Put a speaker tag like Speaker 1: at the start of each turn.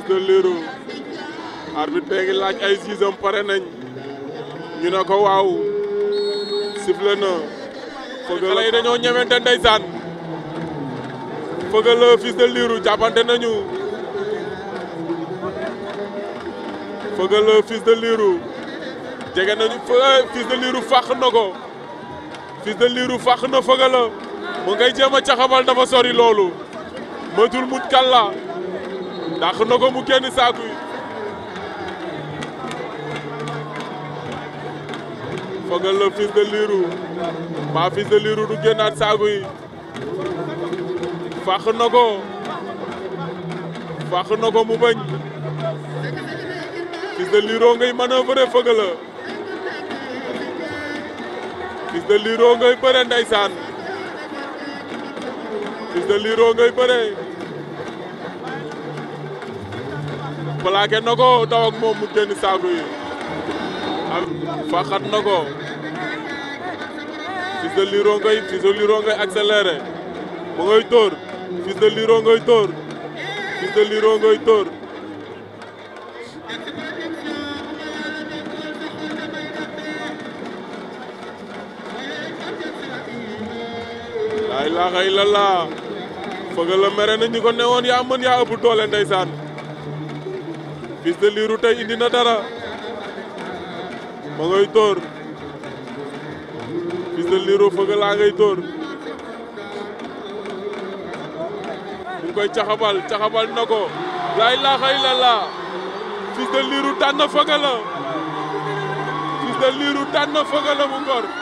Speaker 1: fils de Lirou laaj ay siisam pare nañ ñu ne ko waaw sifflé na fëgal xale yi dañoo ñemente ndeysaan fëgal fils de Lirou jàppante nañu fëgal fils de Lirou jege nañu fils de Lirou fàq na ko fils de Lirou fàq na fëgal mu ngay caxabal dafa sori loolu matul mut kàlla dàq na ko mu kenn saaku yi fëgal la Fils de Lirou mbaa Fils de Lirou du génnaat saaku yi fàq na ko fàq na ko mu bañ Fils de Lirou ngay manœuvrer fëgal la Fils de Lirou ngay bëre ndeysaan Fils de plaqué na ko daw ak mu génn saako yi am faxat na ko Fils de Lirou ngay Fils de Lirou ngay accéléré mu ngay tóor Fils de na ñu ko ne woon yaa mën yaa ëpp doole ndeysaan fils de Lirou tey indi na dara ma ngay dóor fils mu koy caxabal caxabal na ko laa ilaaha illallaah fils de Lirou tànn fëgg la fils de Lirou mu ngor